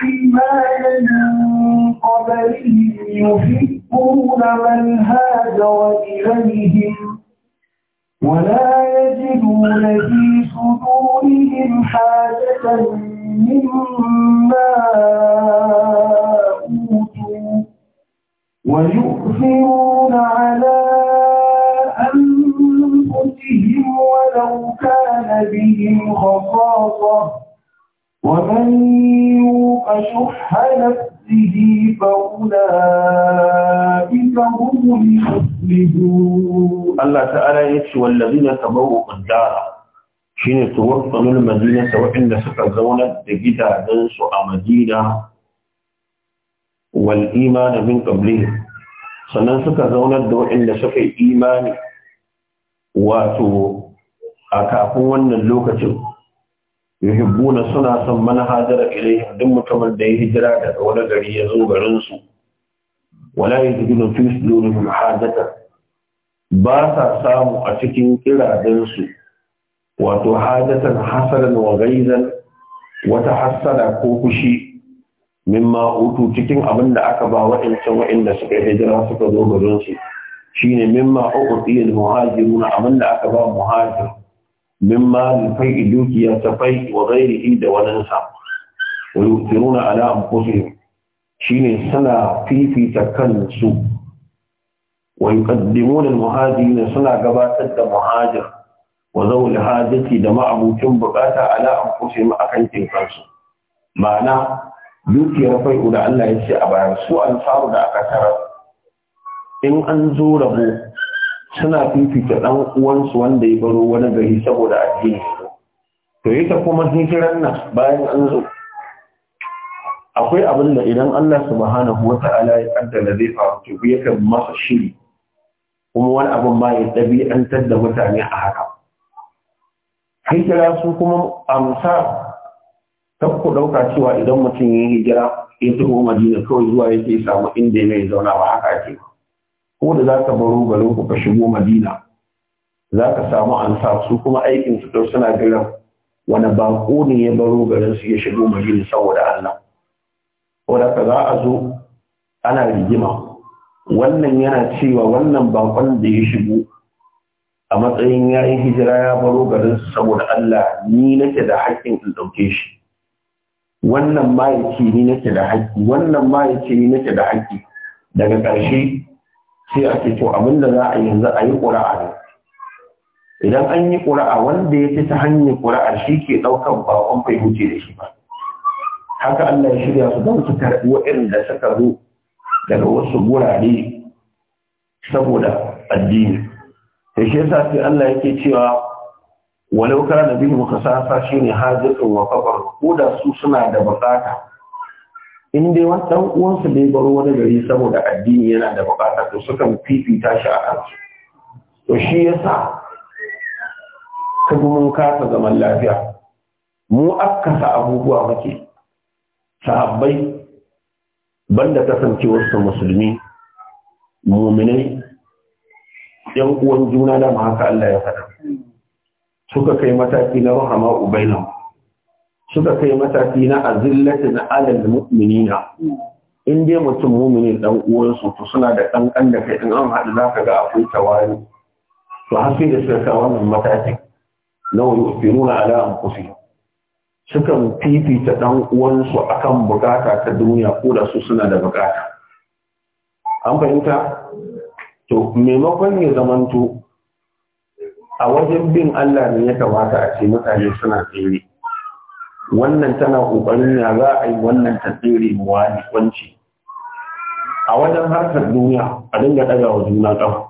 imanan qablihim yuhibbuna man hajara ilayhim ولا يجدون في صدورهم حاجة مما أوتوا ويؤثرون على أنفسهم ولو كان بهم خصاصة ومن يوق شح نفسه فأولئك هم المفلحون الله تعالى يكشف والذين تبوأوا الدار shine tuwaffanul madina ta waɗanda suka zaunar da gidajensu a madina wal imani min qablihim sannan suka zaunar da waɗanda suka yi imani wato a kafin wannan lokacin yuhibbuna suna son man hajara ilaihim duk mutumin da ya hijira daga wani gari ya zo garin su wala yajidu fi sudurihim hajata ba sa samu a cikin kiraden su wato hajatan hasalan wa wata hasala ko kushi mimma utu cikin abin da aka ba wa'ancan wa'anda suka hijira suka zo garin su shine mimma uqti al muhajiruna abin da aka ba muhajiru mimma fai dukiyar ta fai wa gairihi da waninsa wa yutiruna ala shi ne suna fifita kansu wa yuqaddimuna al ne suna gabatar da muhajir wa zawul hajati da ma'abucin bukata ala a akan kansu ma'ana dukiyar fai'u da Allah ya ce a bayan su ansaru da aka tara in an zo rabo suna fifita ɗan uwansu wanda ya baro wani gari saboda addini to ita kuma hijiran nan bayan an zo akwai abin da idan Allah subhanahu wata'ala ya kaddara zai faru to ya kan masa shiri kuma wani abin ma ya ɗabi'antar da mutane a haka hijira su kuma amsa ta ku ɗauka cewa idan mutum ya hijira ya taho madina kawai zuwa yake samu inda ya zauna ba haka ake ba ko da za ka baro garin ku ka shigo madina za ka samu ansa su kuma aikin su to suna gira wani bako ne ya baro garin su ya shigo madina saboda Allah Ko da ka za a zo ana rigima wannan yana cewa wannan bakon da ya shigo a matsayin ya yi hijira ya baro garin su saboda Allah ni nake da haƙƙin in ɗauke shi wannan ma yake ni nake da haƙƙi wannan ma yake ni nake da haƙƙi daga ƙarshe sai ce to abin da za a yanzu a yi ƙura'a ne idan an yi ƙura'a wanda ya fi ta hanyar ƙura'a shi ke ɗaukan baban bai huce da shi ba haka Allah ya shirya su don su karɓi da suka zo daga wasu gurare saboda addini da shi yasa sai Allah yake cewa walau kana bihim khasasa shine hajatun wa faqar ko da su suna da bukata in dai wata dan uwansu bai baro wani gari saboda addini yana da bukata to sukan fifita shi a kansu to shi yasa kaga mun kasa zaman lafiya mu akasa abubuwa muke sahabbai banda kasancewarsu musulmi muminai yan uwan juna da haka Allah ya faɗa suka kai mataki na rahama ubainan suka kai matafi na azillatin alal mu'minina in dai mutum mumini dan uwansu to suna da kankan da kai in an haɗu za ka ga akwai tawari to har da suka kawo wannan mataki na wani ufiruna ala anfusi sukan fifita dan uwansu akan bukata ta duniya ko da su suna da bukata an fahimta to maimakon ya zamantu. a wajen bin Allah ne ya kamata a ce mutane suna tsere wannan tana ƙoƙarin ya za a yi wannan ta wa kwanci a wajen harkar duniya a dinga ɗaga wa juna ƙafa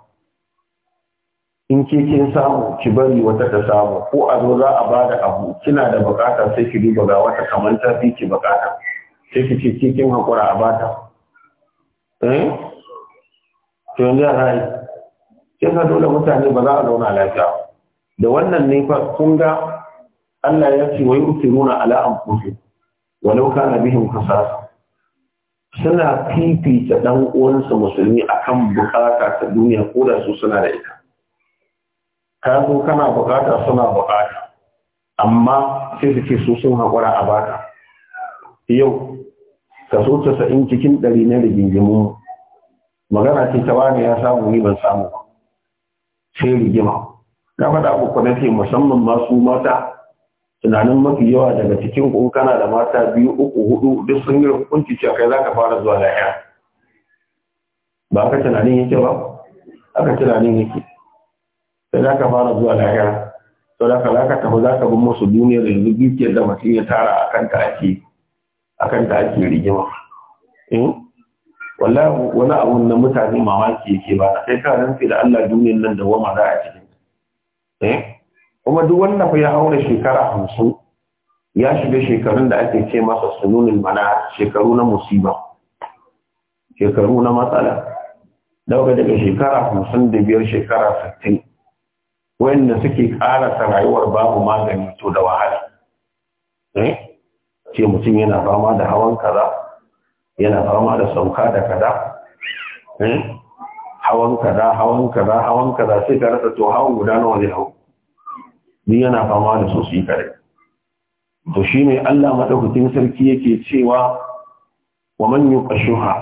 in ke kin samu ki bari wata ta samu ko a zo za a ba da abu kina da bukata sai ki duba ga wata kamar ta fi ki bukata sai ki ce ki kin haƙura a bata eh to yanzu ya rai kin ga dole mutane ba za a zauna lafiya da wannan ne fa kun ga Allah ya ce wai yutiruna ala anfusihim walau na bihin khasasa suna fifita ɗan uwansa musulmi a kan bukata ta duniya ko da su suna da ita ka zo kana bukata suna bukata amma sai su ce sun haƙura a baka yau ka so ta sain cikin ɗari na rigingimu magana ce ta wani ya samu ni ban samu sai rigima ka faɗa ku ce musamman masu mata tunanin mafi yawa daga cikin ku kana da mata biyu uku hudu duk sun yi hukunci cewa kai za ka fara zuwa da ya ba aka tunanin yake ba aka tunanin yake sai za ka fara zuwa da ya sau da ka tafi za ka bin musu duniyar da yanzu dukiyar da mutum ya tara a kanta ake a ta ake rigima eh? wallahi wani abun na mutane mamaki yake ba sai ka rantsi da Allah duniyar nan da wama za a cikin eh kuma duk wanda fa ya haura shekara hamsin ya shiga shekarun da ake ce masa sununul mana shekaru na musiba shekaru na matsala daga daga shekara 50 da biyar shekara sittin wanda suke karasa rayuwar babu magani to da wahala eh? ce mutum yana fama da hawan kaza yana fama da sauka da kaza eh? hawan kaza hawan kaza hawan kaza sai ka rasa to hawan guda nawa zai hau Ni yana fama da su su kare to shi ne Allah maɗaukakin sarki yake cewa wa man yuqa shuha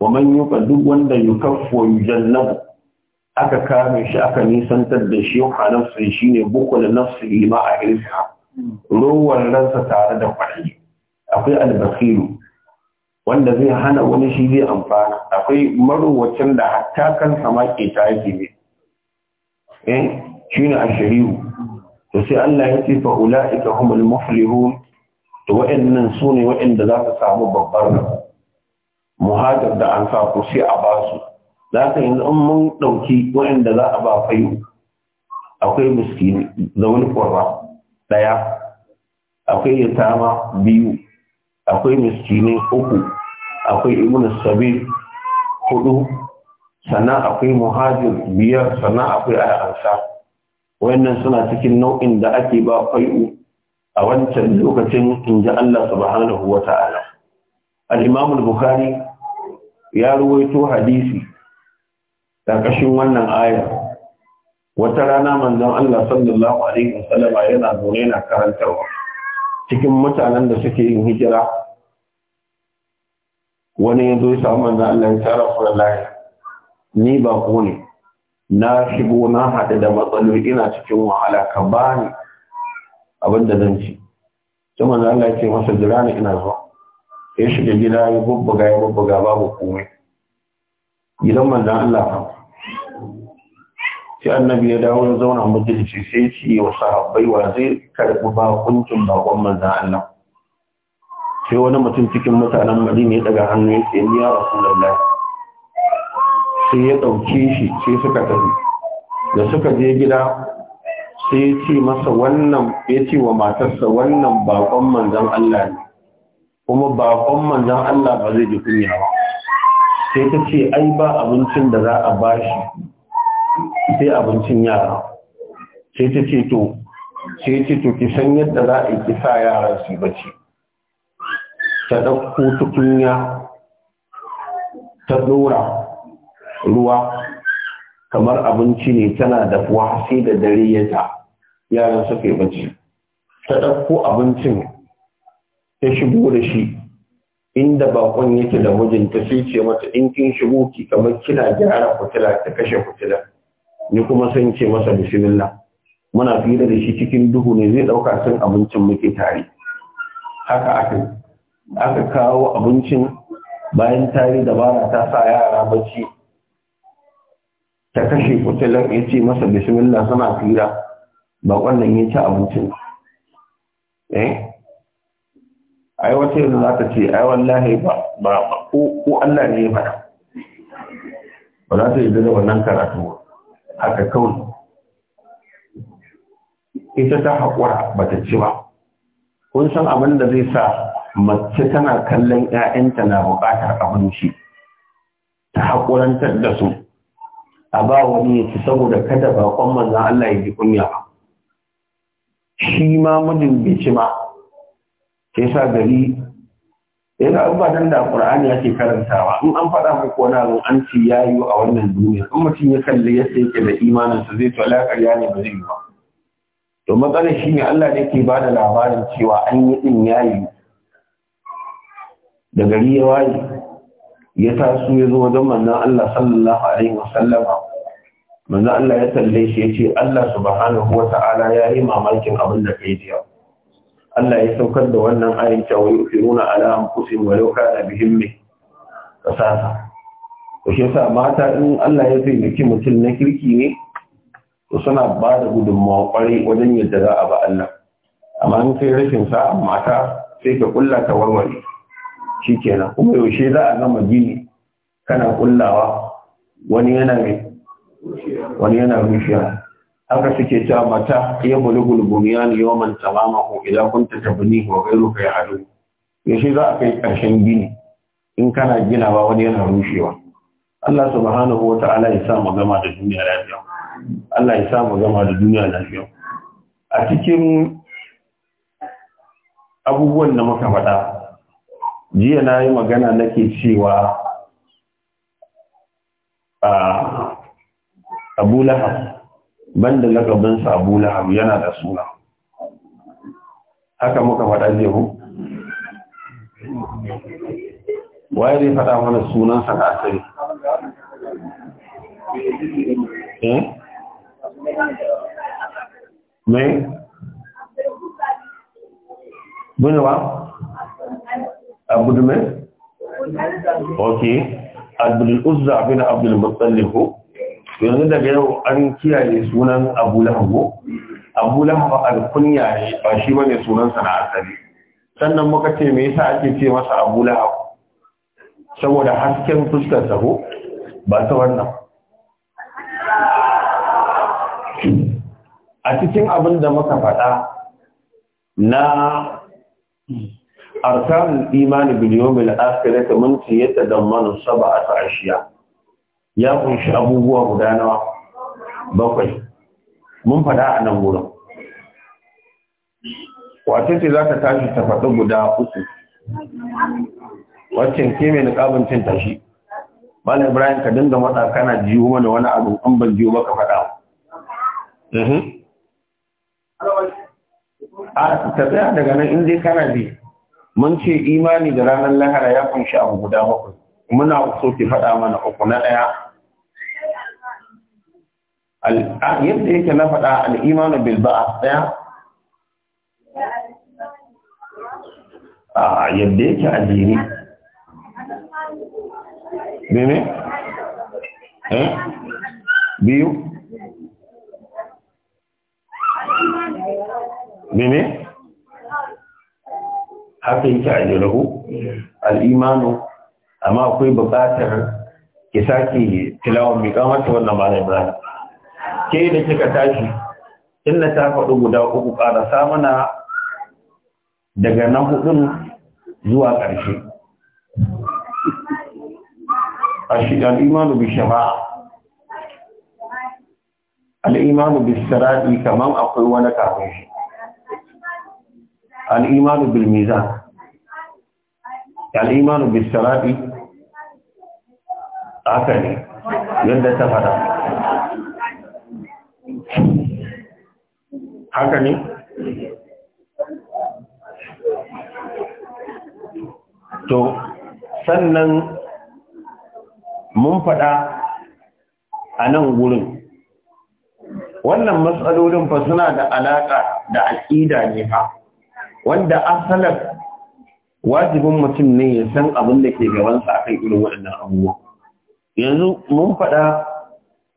wa man yuqa duk wanda yukaffu yujallabu aka kame shi aka nisantar da shi yuqa nafsi shine bukul nafsi ma a irsa ruwan ransa tare da kwaɗi akwai albasiru wanda zai hana wani shi zai amfana akwai marowacin da hatta kan sama ke ta yake eh, ne eh shine shari'u, to sai Allah ya ce fa ulaika humul muflihun to wa'annan su ne wa'anda za su samu babbar muhajir da an sa sai a basu za ka yanzu in mun ɗauki wa'anda za a ba fayu akwai miskini zaune ƙwarra ɗaya akwai yatama biyu akwai miskinai uku akwai ibn sabi hudu sannan akwai muhajir biyar sannan akwai al'ansa wannan suna cikin nau'in da ake ba kai'u a wancan lokacin in ji Allah subhanahu wa ta'ala. Al'imam al-Bukhari ya ruwaito hadisi ƙarƙashin wannan aya. Wata rana manzon Allah sallallahu Alaihi wasallama yana zaune na karantarwa cikin mutanen da suke yin hijira. Wani ya zo ya samu manzon Allah ya tara fulani, ni ba ne. na shigo na haɗu da matsaloli ina cikin wahala ka bani abin da zan ci sai manzo Allah ya ce masa jira ni ina zuwa ya shiga gida ya bubbuga ya bubbuga babu komai gidan manzo Allah fa sai annabi ya dawo ya zauna majalisi sai ci wa sahabbai wa zai karɓi bakuncin bakon manzo Allah sai wani mutum cikin mutanen Madina ya daga hannu ya ce ni ya Rasulullahi sai ya ɗauke shi sai suka tafi da suka je gida sai ya ce masa wannan ya ce wa matarsa wannan bakon manzan Allah ne kuma bakon manzan Allah ba zai ji kunya ba sai ta ce ai ba abincin da za a ba shi sai abincin yara sai ta ce to sai ce to ki san yadda za a yi sa yara su bace ta ɗauko tukunya ta ɗora ruwa kamar abinci ne tana dafuwa sai da dare ya ta yaran suka yi bacci ta ɗauko abincin ta shigo da shi inda bakon yake da mijinta sai ce mata in kin shigo ki kamar kina gyara fitila ta kashe fitila ni kuma san ce masa bismillah muna fira da shi cikin duhu ne zai ɗauka sun abincin muke tare haka aka aka kawo abincin bayan tare dabara ta sa yara bacci ta kashe kutulan ya ce masa bismillah suna fira ba wannan ya ci abincin eh ai wata yanzu za ta ce ai wallahi ba ba ko Allah ne ba faɗa ba za ta yi da wannan karatu haka kawai ita ta haƙura ba ta ci ba kun san abin da zai sa mace tana kallon 'ya'yanta na buƙatar abinci ta haƙurantar da su a ba wani ya ci saboda kada bakon manzan Allah ya ji kunya ba shi ma mijin bai ci ba sai sa gari yana dan da Qur'ani yake karantawa in an faɗa muku wani abu an ci yayu a wannan duniya in mutum ya kalli ya yake da imanin sa zai to alaƙar ya ne ba zai yi ba to matsalar shi ne Allah ne ke ba da labarin cewa an yi din yayi da gari ya waye ya taso ya zo wajen manzon Allah sallallahu alaihi wasallam manzon Allah ya talle shi ya ce Allah subhanahu Ta'ala ya yi mamakin abin da yi jiya Allah ya saukar da wannan ayin cewa yufiruna ala anfusihim walau kana bihim kasasa to shi yasa mata in Allah ya taimaki mutum na kirki ne to suna ba da gudunmawa kwarai wajen yadda za a ba Allah amma in kai rashin sa mata sai ka kulla ta warware shi kenan kuma yaushe za a gama gini kana kullawa wani yana mai wani yana rushewa haka suke ta mata ya bulugul bunyan yawman ko idan kunta tabni wa ghayruka ya adu yaushe za a kai karshen gini in kana ginawa wani yana rushewa Allah subhanahu wa ta'ala ya sa mu gama da duniya lafiya Allah ya mu gama da duniya lafiya a cikin abubuwan da muka faɗa jiya na yi magana nake cewa a abu lahab banda lagabin sabu lahab yana da suna haka muka faɗa jiya waye zai faɗa mana sunansa na asali eh? mai bunewa abudu mai? ok abdul uzza bin abdul mutsalihu yanzu daga yau an kiyaye sunan abu lahabu abu lahabu kunya ne ba shi ba ne sunansa na asali sannan muka ce me yasa ake ce masa abu lahabu saboda hasken fuskar ko, ba ta wannan a cikin abin da muka faɗa na arkanul imani bil yawmil akhir ta mun ce yadda dan manu sab'a ta ashiya ya kunshi abubuwa guda nawa bakwai mun fada a nan gurin wace ce za ta tashi ta faɗi guda uku waccan ke mai niƙabin cin tashi Malam Ibrahim ka dinga matsa kana jiwo mana wani abu an ban jiwo baka faɗa. A ta tsaya daga nan in dai kana bi. mun ce imani da ranar lahara ya kunshi abu guda bakwai muna so ki faɗa mana uku na ɗaya yadda yake na faɗa al'imanu bil ba'a ɗaya a yadda yake a jini eh biyu mene haka yake a jirahu al'imanu amma akwai buƙatar ki sake tilawar miƙa ta wannan mara ibrahim ke da kika tashi inda ta faɗi guda uku ƙarasa mana daga na hudun zuwa ƙarshe al'imanu bi shafa'a al'imanu bi sarari kamar akwai wani kafin shi al'imanu Bilmiza, mizan al'imanu bil haka ne yadda ta fada haka ne to sannan mun fada a nan gurin wannan matsalolin fa suna da alaƙa da al'ida ne fa wanda asalar wajibin mutum ne ya san abin da ke gabansa a kan irin waɗannan abubuwa yanzu mun faɗa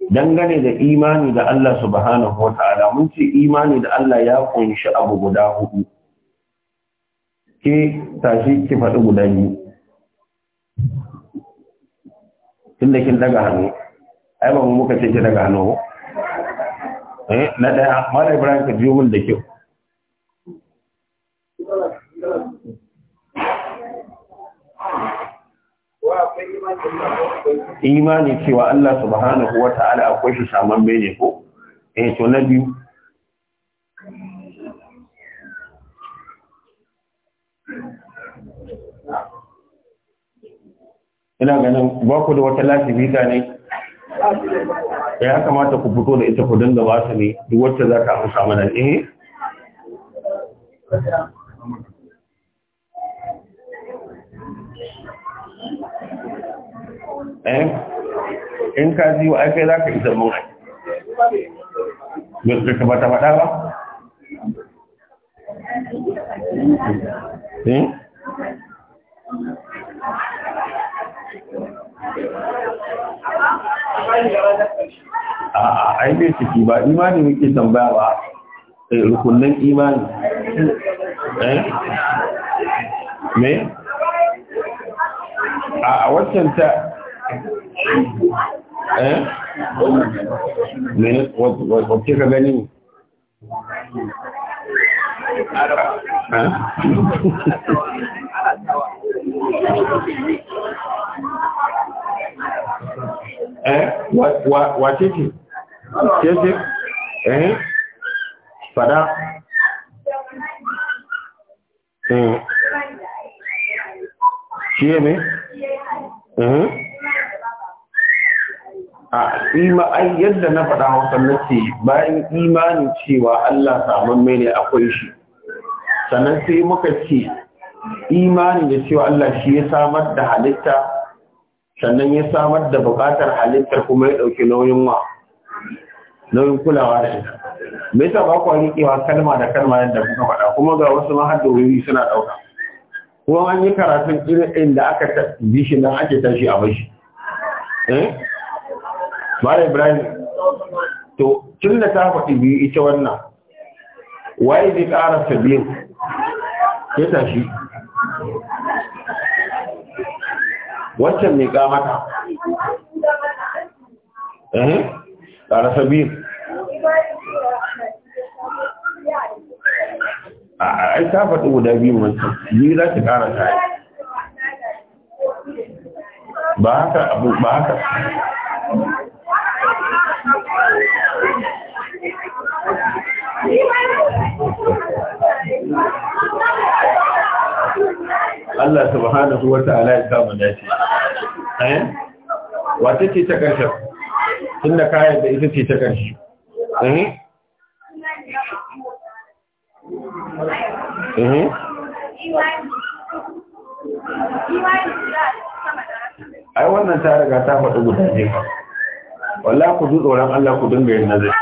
dangane da imani da Allah subhanahu wa ta'ala mun ce imani da Allah ya kunshi abu guda hudu ke tashi ki faɗi guda biyu da kin daga hannu ai ba mu muka ce ki daga hannu eh na daya mallai ibrahim ka biyo min da kyau imani cewa Allah subhanahu wa ta'ala akwai shi saman ne ko eh to na biyu ina ganin ba ku da wata lasibita ne ya kamata ku fito da ita ku dinga ba su ne duk wacce za ka amsa mana eh eh in ka ji wa kai za ka isa mun ai ba ka bata bada ba eh a, ai bai ciki ba, imani muke tambaya ba, eh, rukunin imani. Eh? Me? A wancan ta eh mene wacce ka gani eh wace ce ce ce fada eh? a ima ai yadda na faɗa hausa ce bayan imanin cewa Allah saman mai ne akwai shi sannan sai muka ce imanin da cewa Allah shi ya samar da halitta sannan ya samar da buƙatar halittar kuma ya ɗauki nauyin wa nauyin kulawa da ita me yasa ba ku riƙewa kalma da kalma yadda kuka faɗa kuma ga wasu mahaddowi suna ɗauka kuma an yi karatun irin da aka bi shi nan ake tashi a bashi eh Malam Ibrahim, to, tun da ta faɗi biyu ita wannan, waye zai ƙara sabbin? Ya tashi. Waccan mai ƙamata. Eh, ƙara sabbin. A ai ta faɗi guda biyu wancan, biyu za ta ƙara ta yi. Ba haka abu, ba haka. Allah subhanahu wa ta'ala ya samu dace eh wata ce ta karshe tunda kayan da ita ce ta karshe eh eh ai wannan ta riga ta faɗi guda ne wallahi ku ji tsoron Allah ku dinga yin nazari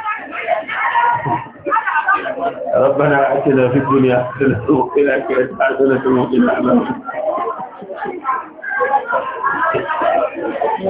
ربنا أتنا في الدنيا حسنة وفي الآخرة حسنة